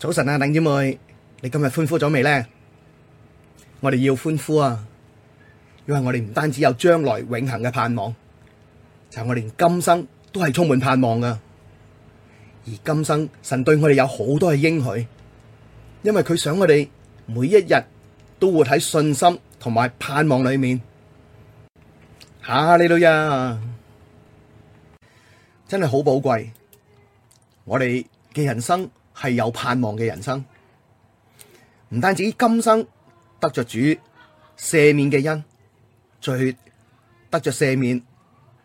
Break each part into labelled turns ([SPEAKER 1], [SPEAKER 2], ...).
[SPEAKER 1] 早晨啊，鄧姐妹，你今日歡呼咗未呢？我哋要歡呼啊！因為我哋唔單止有將來永恆嘅盼望，就係我連今生都係充滿盼望噶。而今生，神對我哋有好多嘅應許，因為佢想我哋每一日都活喺信心同埋盼望裏面。吓你都啊！真係好寶貴，我哋嘅人生。係有盼望嘅人生，唔單止今生得着主赦免嘅恩，最得着赦免，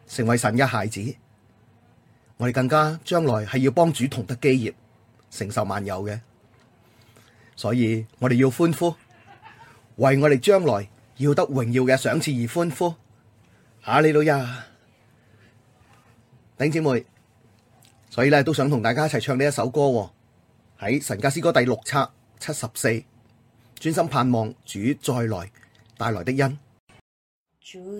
[SPEAKER 1] 成為神嘅孩子，我哋更加將來係要幫主同得基業，承受萬有嘅，所以我哋要歡呼，為我哋將來要得榮耀嘅賞賜而歡呼。阿李老呀，頂姐妹，所以咧都想同大家一齊唱呢一首歌，喺《神家詩歌》第六冊七十四，專心盼望主再來帶來的恩。
[SPEAKER 2] 主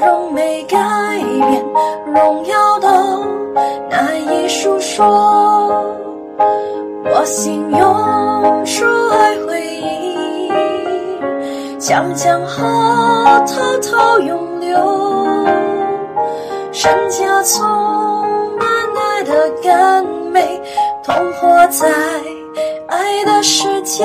[SPEAKER 2] 榮美改變，榮耀都難以述說。我心湧出愛回應將江河滔滔湧流，神家充滿愛的甘美，同活在愛的世界。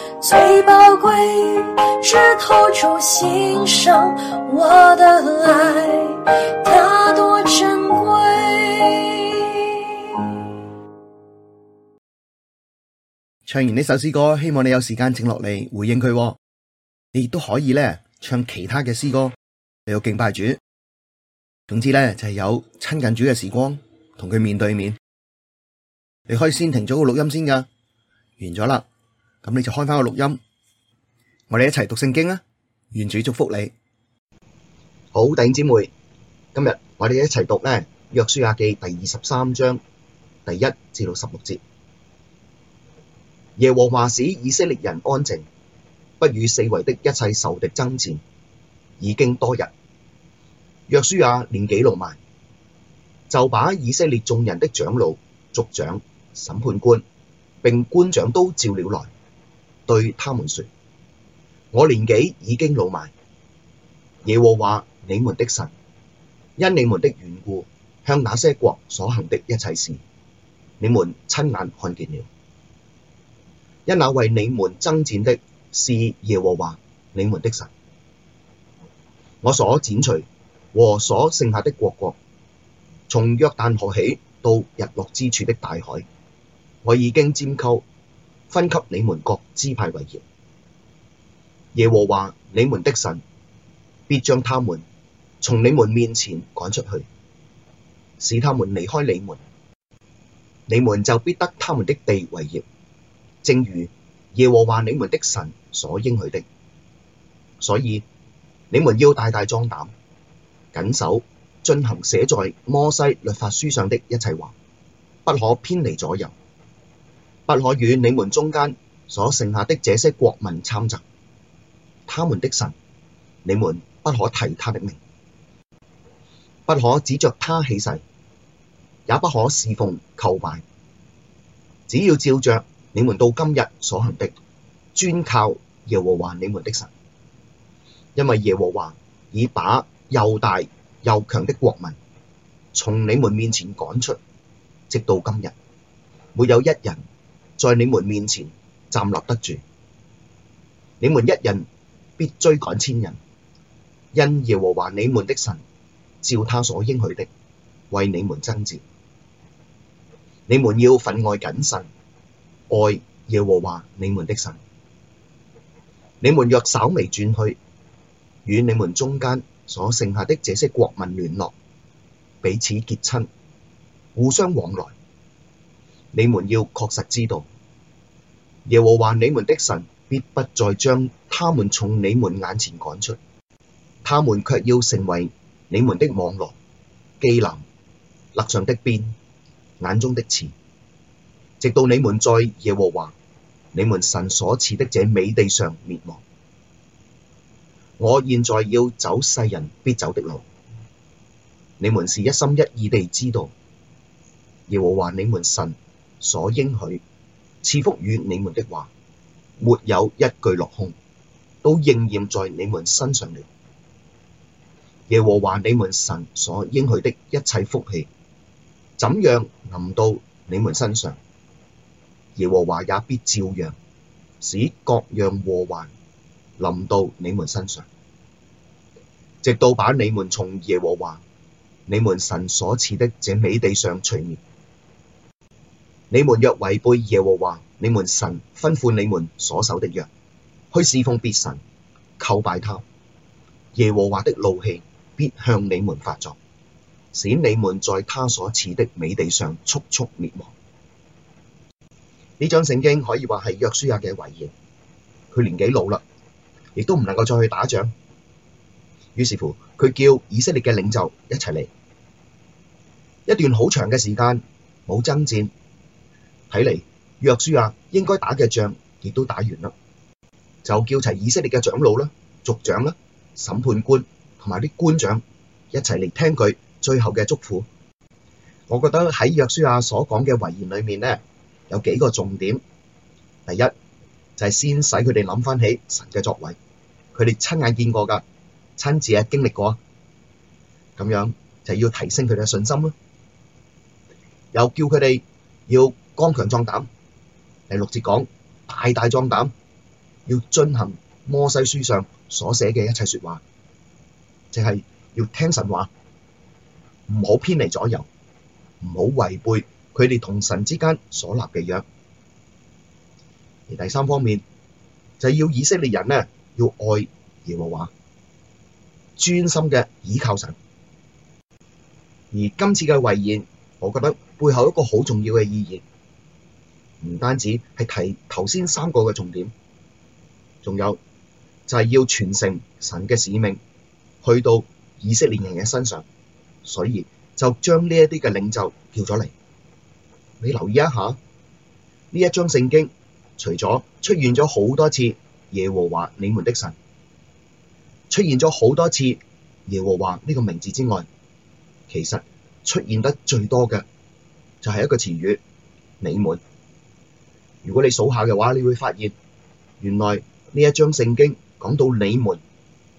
[SPEAKER 2] 最寶貴，知透主欣賞，我的愛，祂多珍貴。
[SPEAKER 1] 唱完呢首詩歌，希望你有時間靜落嚟回應佢。你亦都可以咧唱其他嘅詩歌嚟到敬拜主。總之咧就係、是、有親近主嘅時光，同佢面對面。你可以先停咗個錄音先噶，完咗啦。咁你就開翻個錄音，我哋一齊讀聖經啊！願主祝福你，好，弟兄姊妹。今日我哋一齊讀咧《約書亞記》第二十三章第一至到十六節。耶和華使以色列人安靜，不與四圍的一切仇敵爭戰，已經多日。約書亞年紀老邁，就把以色列眾人的長老、族長、審判官，並官長都召了來。對他們說：我年紀已經老邁，耶和華你們的神，因你們的緣故，向那些國所行的一切事，你們親眼看見了。因那為你們爭戰的是耶和華你們的神。我所剪除和所剩下的各國，從約旦河起到日落之處的大海，我已經拈鬮。分給你們各支派為業。耶和華你們的神必將他們從你們面前趕出去，使他們離開你們，你們就必得他們的地為業，正如耶和華你們的神所應許的。所以你們要大大壯膽，謹守遵行寫在摩西律法書上的一切話，不可偏離左右。不可與你們中間所剩下的這些國民攙雜，他們的神，你們不可提他的名，不可指着他起誓，也不可事奉叩拜。只要照着你們到今日所行的，專靠耶和華你們的神。因為耶和華已把又大又強的國民從你們面前趕出，直到今日，沒有一人。在你們面前站立得住，你們一人必追趕千人，因耶和華你們的神照他所應許的為你們爭戰。你們要分外謹慎，愛耶和華你們的神。你們若稍微轉去，與你們中間所剩下的這些國民聯絡，彼此結親，互相往來，你們要確實知道。耶和華你們的神必不再將他們從你們眼前趕出，他們却要成為你們的網羅、機檻、肋上的鞭、眼中的刺，直到你們在耶和華你們神所賜的這美地上滅亡。我現在要走世人必走的路，你們是一心一意地知道耶和華你們神所應許。賜福於你們的話，沒有一句落空，都應驗在你們身上了。耶和華你們神所應許的一切福氣，怎樣臨到你們身上，耶和華也必照樣使各樣禍患臨到你們身上，直到把你們從耶和華你們神所賜的這美地上除滅。你們若違背耶和華你們神吩咐你們所守的約，去事奉別神、叩拜他，耶和華的怒氣必向你們發作，使你們在他所賜的美地上速速滅亡。呢章聖經可以話係約書亞嘅遺言，佢年紀老啦，亦都唔能夠再去打仗，於是乎佢叫以色列嘅領袖一齊嚟，一段好長嘅時間冇爭戰。睇嚟，約書亞應該打嘅仗亦都打完啦，就叫齊以色列嘅長老啦、族長啦、審判官同埋啲官長一齊嚟聽佢最後嘅祝福。我覺得喺約書亞所講嘅遺言裏面咧，有幾個重點。第一就係先使佢哋諗翻起神嘅作為，佢哋親眼見過㗎，親自係經歷過，咁樣就要提升佢哋嘅信心囉。又叫佢哋要剛強壯膽，第六節講大大壯膽，要遵行摩西書上所寫嘅一切說話，就係要聽神話，唔好偏離左右，唔好違背佢哋同神之間所立嘅約。而第三方面就係要以色列人呢要愛耶和華，專心嘅倚靠神。而今次嘅遺言，我覺得背後一個好重要嘅意義。唔單止係提頭先三個嘅重點，仲有就係要傳承神嘅使命去到以色列人嘅身上，所以就將呢一啲嘅領袖叫咗嚟。你留意一下呢一章聖經，除咗出現咗好多次耶和華你們的神，出現咗好多次耶和華呢個名字之外，其實出現得最多嘅就係一個詞語，你們。如果你數下嘅話，你會發現原來呢一章聖經講到你們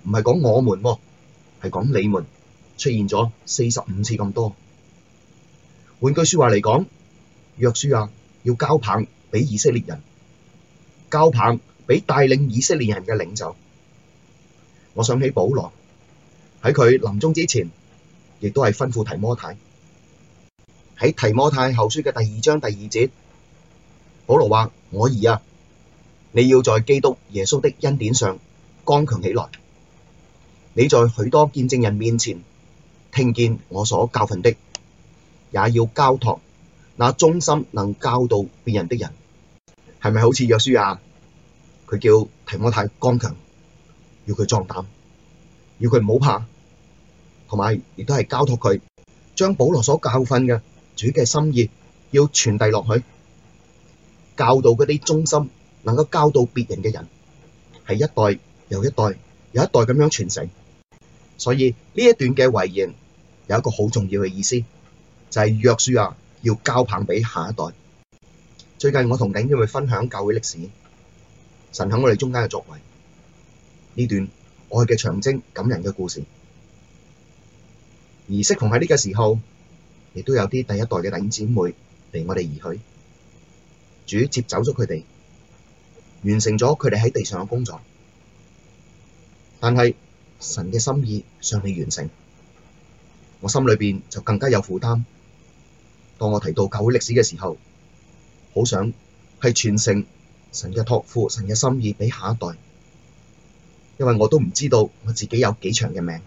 [SPEAKER 1] 唔係講我們喎，係講你們出現咗四十五次咁多。換句說話嚟講，約書亞要交棒畀以色列人，交棒畀帶領以色列人嘅領袖。我想起保羅喺佢臨終之前，亦都係吩咐提摩太喺提摩太後書嘅第二章第二節。保羅話：我兒啊，你要在基督耶穌的恩典上剛強起來。你在許多見證人面前聽見我所教訓的，也要交託那忠心能教導別人的人。係咪好似約書亞啊？佢叫提摩太剛強，要佢壯膽，要佢唔好怕，同埋亦都係交託佢，將保羅所教訓嘅主嘅心意要傳遞落去。教導嗰啲忠心，能夠教導別人嘅人，係一代又一代，有一代咁樣傳承。所以呢一段嘅遺言有一個好重要嘅意思，就係約書亞要交棒畀下一代。最近我同弟兄姊妹分享舊約歷史，神喺我哋中間嘅作為，呢段愛嘅長征感人嘅故事。而適逢喺呢個時候，亦都有啲第一代嘅弟兄姊妹離我哋而去。主接走咗佢哋，完成咗佢哋喺地上嘅工作，但係神嘅心意尚未完成，我心裏邊就更加有負擔。當我提到教會歷史嘅時候，好想係傳承神嘅託付、神嘅心意畀下一代，因為我都唔知道我自己有幾長嘅命，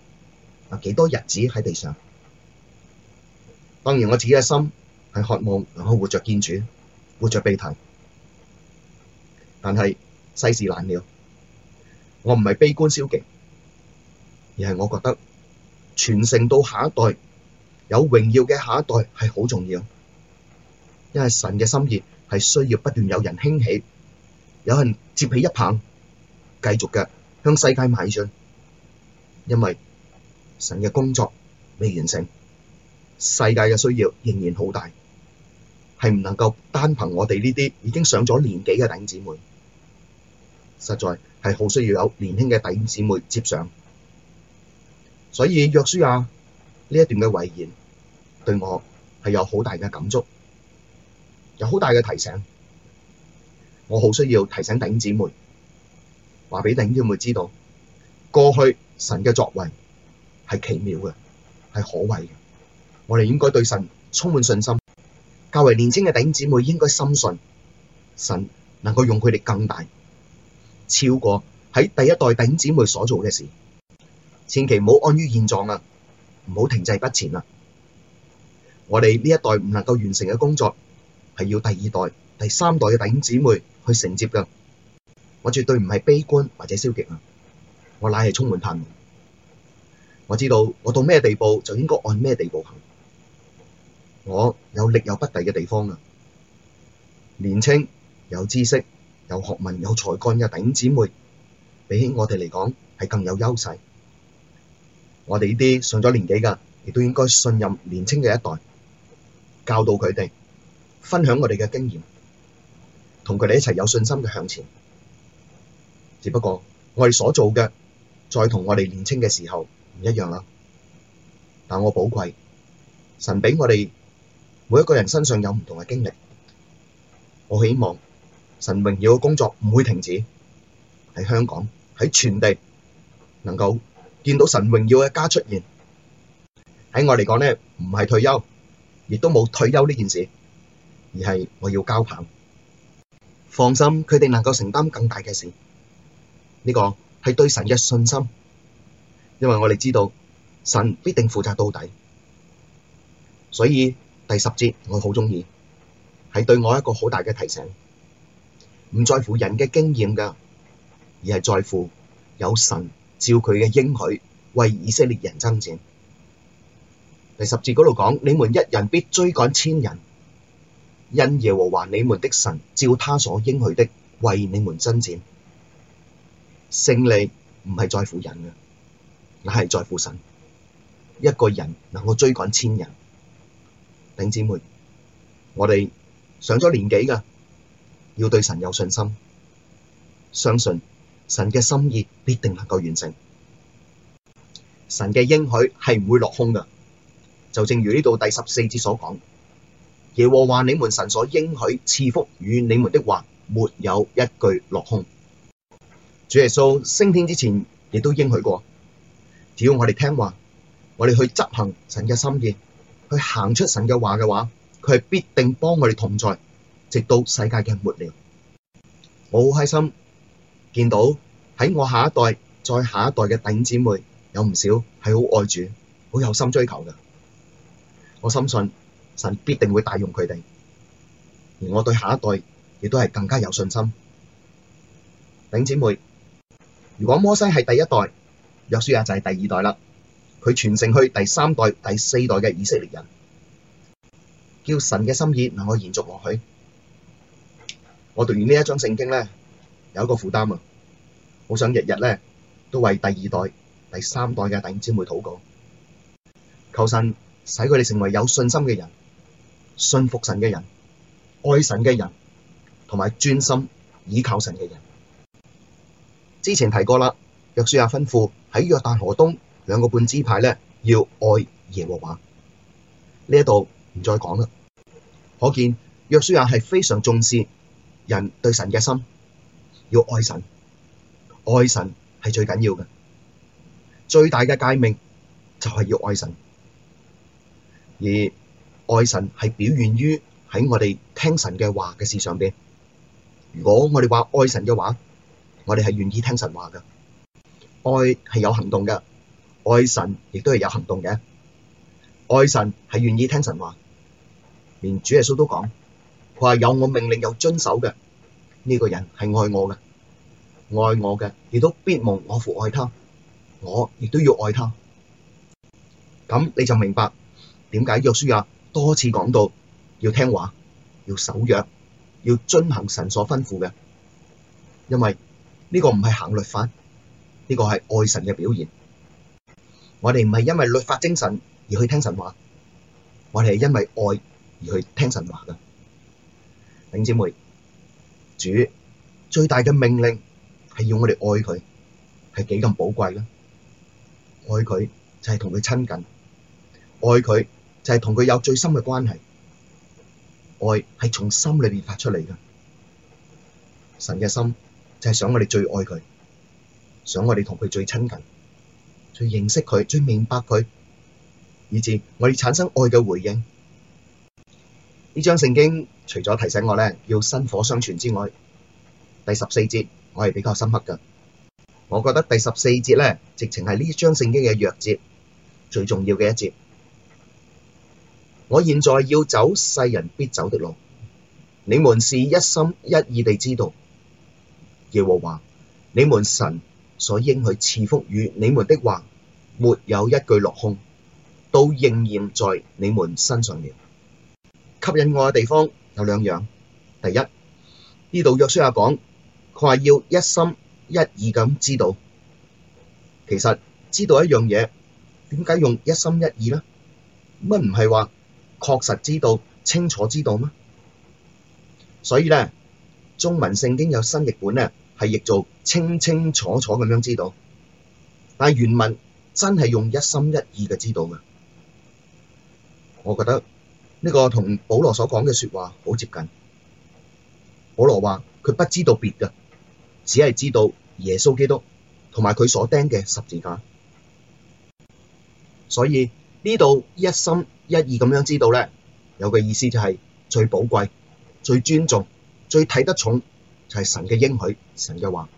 [SPEAKER 1] 有幾多日子喺地上。當然我自己嘅心係渴望能夠活着見主。活着悲啼，但係世事難料，我唔係悲觀消極，而係我覺得傳承到下一代有榮耀嘅下一代係好重要，因為神嘅心意係需要不斷有人興起，有人接起一棒，繼續嘅向世界邁進，因為神嘅工作未完成，世界嘅需要仍然好大。係唔能夠單憑我哋呢啲已經上咗年紀嘅弟姊妹，實在係好需要有年輕嘅弟姊妹接上。所以約書亞呢一段嘅遺言對我係有好大嘅感觸，有好大嘅提醒。我好需要提醒弟姊妹，話俾弟姊妹知道，過去神嘅作為係奇妙嘅，係可畏嘅，我哋應該對神充滿信心。較為年青嘅弟兄姊妹應該深信神能夠用佢哋更大，超過喺第一代弟兄姊妹所做嘅事。千祈唔好安於現狀啊，唔好停滯不前啊！我哋呢一代唔能夠完成嘅工作，係要第二代、第三代嘅弟兄姊妹去承接㗎。我絕對唔係悲觀或者消極啊，我乃係充滿盼望。我知道我到咩地步就應該按咩地步行。我有力有不逮嘅地方啦、啊，年青有知識、有學問、有才幹嘅弟兄姊妹，比起我哋嚟講係更有優勢。我哋呢啲上咗年紀嘅，亦都應該信任年青嘅一代，教導佢哋，分享我哋嘅經驗，同佢哋一齊有信心嘅向前。只不過我哋所做嘅，再同我哋年青嘅時候唔一樣啦。但我寶貴，神畀我哋。每一個人身上有唔同嘅經歷，我希望神榮耀嘅工作唔會停止，喺香港、喺全地，能夠見到神榮耀嘅家出現。喺我嚟講，呢唔係退休，亦都冇退休呢件事，而係我要交棒。放心，佢哋能夠承擔更大嘅事，呢個係對神嘅信心，因為我哋知道神必定負責到底，所以。第十節我好鍾意，係對我一個好大嘅提醒，唔在乎人嘅經驗噶，而係在乎有神照佢嘅應許為以色列人爭戰。第十節嗰度講：你們一人必追趕千人，因耶和華你們的神照他所應許的為你們爭戰。勝利唔係在乎人噶，乃係在乎神。一個人能夠追趕千人。頂姊妹，我哋上咗年紀嘅，要對神有信心，相信神嘅心意必定能夠完成，神嘅應許係唔會落空嘅。就正如呢度第十四節所講，耶和華你們神所應許賜福與你們的話沒有一句落空。主耶穌升天之前亦都應許過，只要我哋聽話，我哋去執行神嘅心意。去行出神嘅話嘅話，佢係必定幫我哋同在，直到世界嘅末了。我好開心見到喺我下一代、再下一代嘅弟兄姊妹有唔少係好愛主、好有心追求嘅。我深信神必定會大用佢哋，而我對下一代亦都係更加有信心。弟兄姊妹，如果摩西係第一代，約書亞就係第二代啦。佢傳承去第三代、第四代嘅以色列人，叫神嘅心意能夠延續落去。我讀完呢一張聖經咧，有一個負擔啊！好想日日咧都為第二代、第三代嘅弟兄姊妹禱告，求神使佢哋成為有信心嘅人、信服神嘅人、愛神嘅人，同埋專心倚靠神嘅人。之前提過啦，約書亞吩咐喺約旦河東。兩個半支派呢，要愛耶和華，呢度唔再講啦。可見約書亞係非常重視人對神嘅心，要愛神，愛神係最緊要嘅、最大嘅誡命就係要愛神。而愛神係表現於喺我哋聽神嘅話嘅事上邊。如果我哋話愛神嘅話，我哋係願意聽神的話噶，愛係有行動噶。愛神亦都是有行動的。愛神是願意聽神話。連主耶穌都講,佢話有我命令又遵守的,這個人是愛我的。愛我的亦都必蒙我父愛他,我亦都要愛他。咁你就明白,點解約書亞多次講到,要聽話,要守約,要遵行神所吩咐的。因為,這個唔係行律法,這個是愛神的表現。我哋唔係因為律法精神而去聽神話，我哋係因為愛而去聽神話㗎，弟兄姊妹，主最大嘅命令係要我哋愛佢，係幾咁寶貴咧。愛佢就係同佢親近，愛佢就係同佢有最深嘅關係。愛係從心裏邊發出嚟㗎，神嘅心就係想我哋最愛佢，想我哋同佢最親近。去認識佢，最明白佢，以致我哋產生愛嘅回應。呢章聖經除咗提醒我咧要薪火相傳之外，第十四節我係比較深刻嘅。我覺得第十四節咧，直情係呢章聖經嘅鑰節，最重要嘅一節。我現在要走世人必走的路，你們是一心一意地知道，耶和華你們神。所以應許賜福與你們的話，沒有一句落空，都應驗在你們身上面。吸引我嘅地方有兩樣，第一，呢度約書亞講，佢話要一心一意咁知道。其實知道一樣嘢，點解用一心一意呢？乜唔係話確實知道、清楚知道嗎？所以呢，中文聖經有新譯本呢。係亦做清清楚楚咁樣知道，但係原文真係用一心一意嘅知道噶。我覺得呢個同保羅所講嘅說話好接近。保羅話佢不知道別嘅，只係知道耶穌基督同埋佢所釘嘅十字架。所以呢度一心一意咁樣知道咧，有個意思就係最寶貴、最尊重、最睇得重。就係神嘅應許，神嘅話，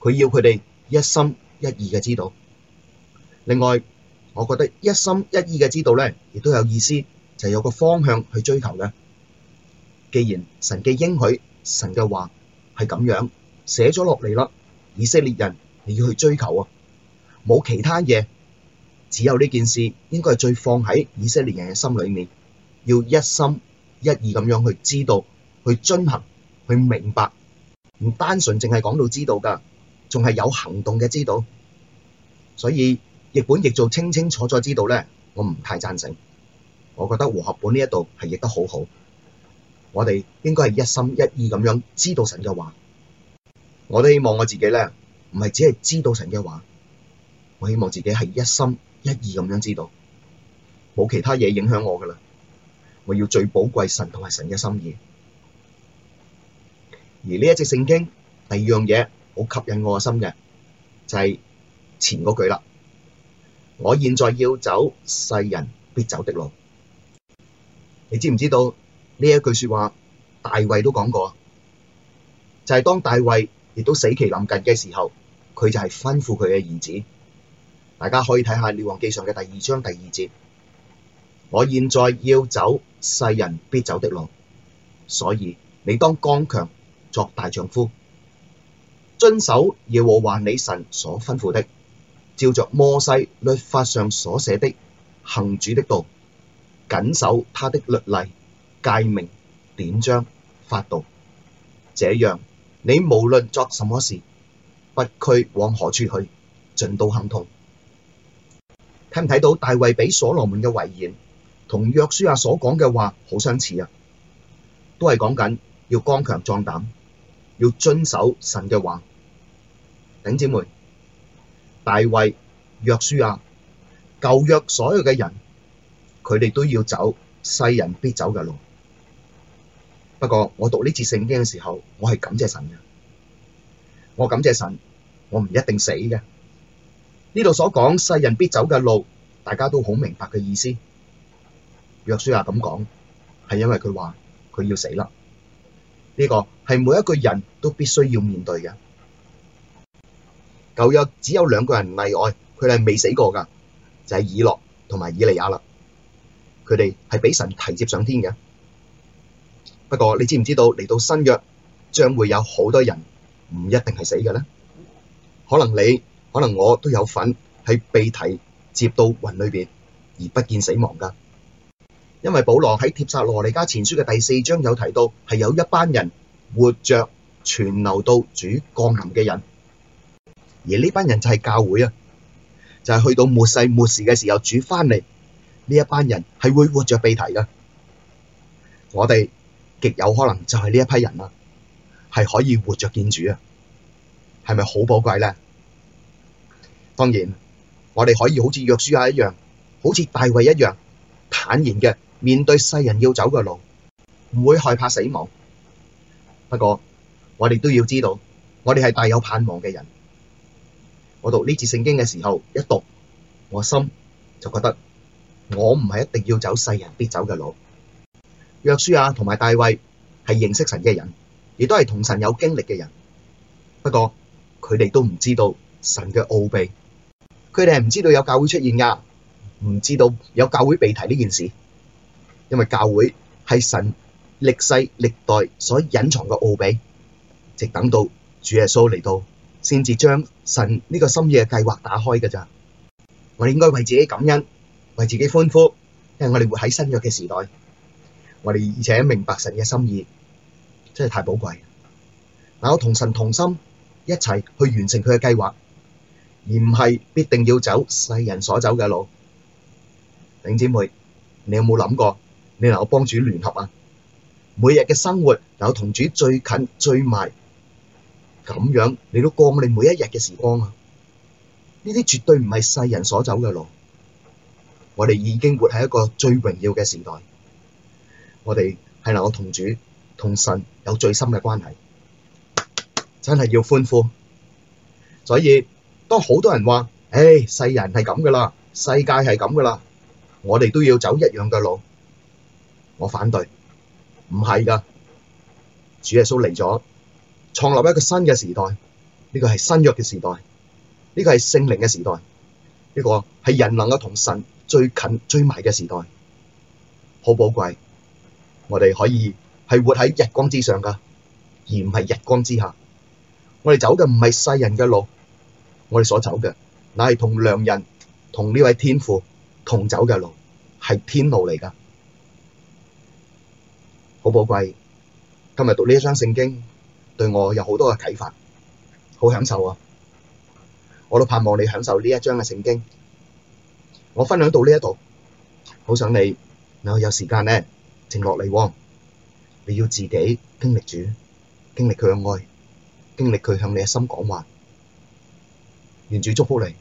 [SPEAKER 1] 佢要佢哋一心一意嘅知道。另外，我覺得一心一意嘅知道咧，亦都有意思，就係有個方向去追求嘅。既然神嘅應許、神嘅話係咁樣寫咗落嚟啦，以色列人你要去追求啊！冇其他嘢，只有呢件事應該係最放喺以色列人嘅心裏面，要一心一意咁樣去知道、去遵行、去明白。唔單純淨係講到知道㗎，仲係有行動嘅知道。所以譯本譯做清清楚楚知道咧，我唔太贊成。我覺得和合本呢一度係譯得好好。我哋應該係一心一意咁樣知道神嘅話。我都希望我自己咧，唔係只係知道神嘅話，我希望自己係一心一意咁樣知道，冇其他嘢影響我㗎啦。我要最寶貴神同埋神嘅心意。而呢一隻聖經第二樣嘢好吸引我個心嘅，就係、是、前嗰句啦。我現在要走世人必走的路，你知唔知道呢一句説話？大衛都講過，就係、是、當大衛亦都死期臨近嘅時候，佢就係吩咐佢嘅兒子。大家可以睇下《列王記》上嘅第二章第二節。我現在要走世人必走的路，所以你當剛強。作大丈夫，遵守耶和華你神所吩咐的，照着摩西律法上所寫的行主的道，謹守他的律例、誡命、典章、法度。這樣，你無論作什麼事，不拘往何處去，盡都亨通。睇唔睇到大衛俾所羅門嘅遺言，同約書亞所講嘅話好相似啊？都係講緊要剛強壯膽。要遵守神嘅話，頂姐妹，大衛、約書亞、舊約所有嘅人，佢哋都要走世人必走嘅路。不過我讀呢次聖經嘅時候，我係感謝神嘅，我感謝神，我唔一定死嘅。呢度所講世人必走嘅路，大家都好明白嘅意思。約書亞咁講，係因為佢話佢要死啦。呢個係每一個人都必須要面對嘅。舊約只有兩個人例外，佢哋係未死過㗎，就係以諾同埋以利亞啦。佢哋係俾神提接上天嘅。不過你知唔知道嚟到新約將會有好多人唔一定係死嘅咧？可能你可能我都有份係被提接到雲裏邊而不見死亡㗎。因為保羅喺帖撒羅尼加前書嘅第四章有提到，係有一班人活着存留到主降臨嘅人，而呢班人就係教會啊，就係、是、去到末世末時嘅時候主翻嚟，呢一班人係會活着被提㗎。我哋極有可能就係呢一批人啦，係可以活着見主啊，係咪好寶貴咧？當然，我哋可以好似約書亞一樣，好似大衛一樣，坦然嘅。面對世人要走嘅路，唔會害怕死亡。不過我哋都要知道，我哋係大有盼望嘅人。我讀呢次聖經嘅時候，一讀我心就覺得我唔係一定要走世人必走嘅路。約書亞同埋大衛係認識神嘅人，亦都係同神有經歷嘅人。不過佢哋都唔知道神嘅奧秘，佢哋係唔知道有教會出現噶，唔知道有教會被提呢件事。因為教會係神歷世歷代所隱藏嘅奧秘，直等到主耶穌嚟到，先至將神呢個心意嘅計劃打開㗎。咋我哋應該為自己感恩，為自己歡呼，因為我哋活喺新約嘅時代，我哋而且明白神嘅心意，真係太寶貴。嗱，我同神同心，一齊去完成佢嘅計劃，而唔係必定要走世人所走嘅路。頂姐妹，你有冇諗過？你能夠幫主聯合啊，每日嘅生活能夠同主最近最埋咁樣，你都過我哋每一日嘅時光啊。呢啲絕對唔係世人所走嘅路。我哋已經活喺一個最榮耀嘅時代，我哋係能夠同主同神有最深嘅關係，真係要歡呼。所以當好多人話：唉，世人係咁噶啦，世界係咁噶啦，我哋都要走一樣嘅路。我反對，唔係噶。主耶穌嚟咗，創立一個新嘅時代。呢個係新約嘅時代，呢個係聖靈嘅時代，呢個係人能夠同神最近最埋嘅時代，好寶貴。我哋可以係活喺日光之上噶，而唔係日光之下。我哋走嘅唔係世人嘅路，我哋所走嘅乃係同良人、同呢位天父同走嘅路，係天路嚟噶。好寶貴，今日讀呢一章聖經對我有好多嘅啟發，好享受啊！我都盼望你享受呢一章嘅聖經。我分享到呢一度，好想你，你有時間呢靜落嚟，你要自己經歷主，經歷佢嘅愛，經歷佢向你嘅心講話。願主祝福你。